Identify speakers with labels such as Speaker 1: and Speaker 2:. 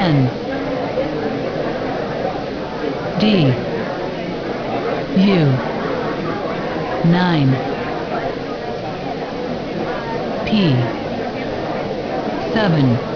Speaker 1: N D U 9 P 7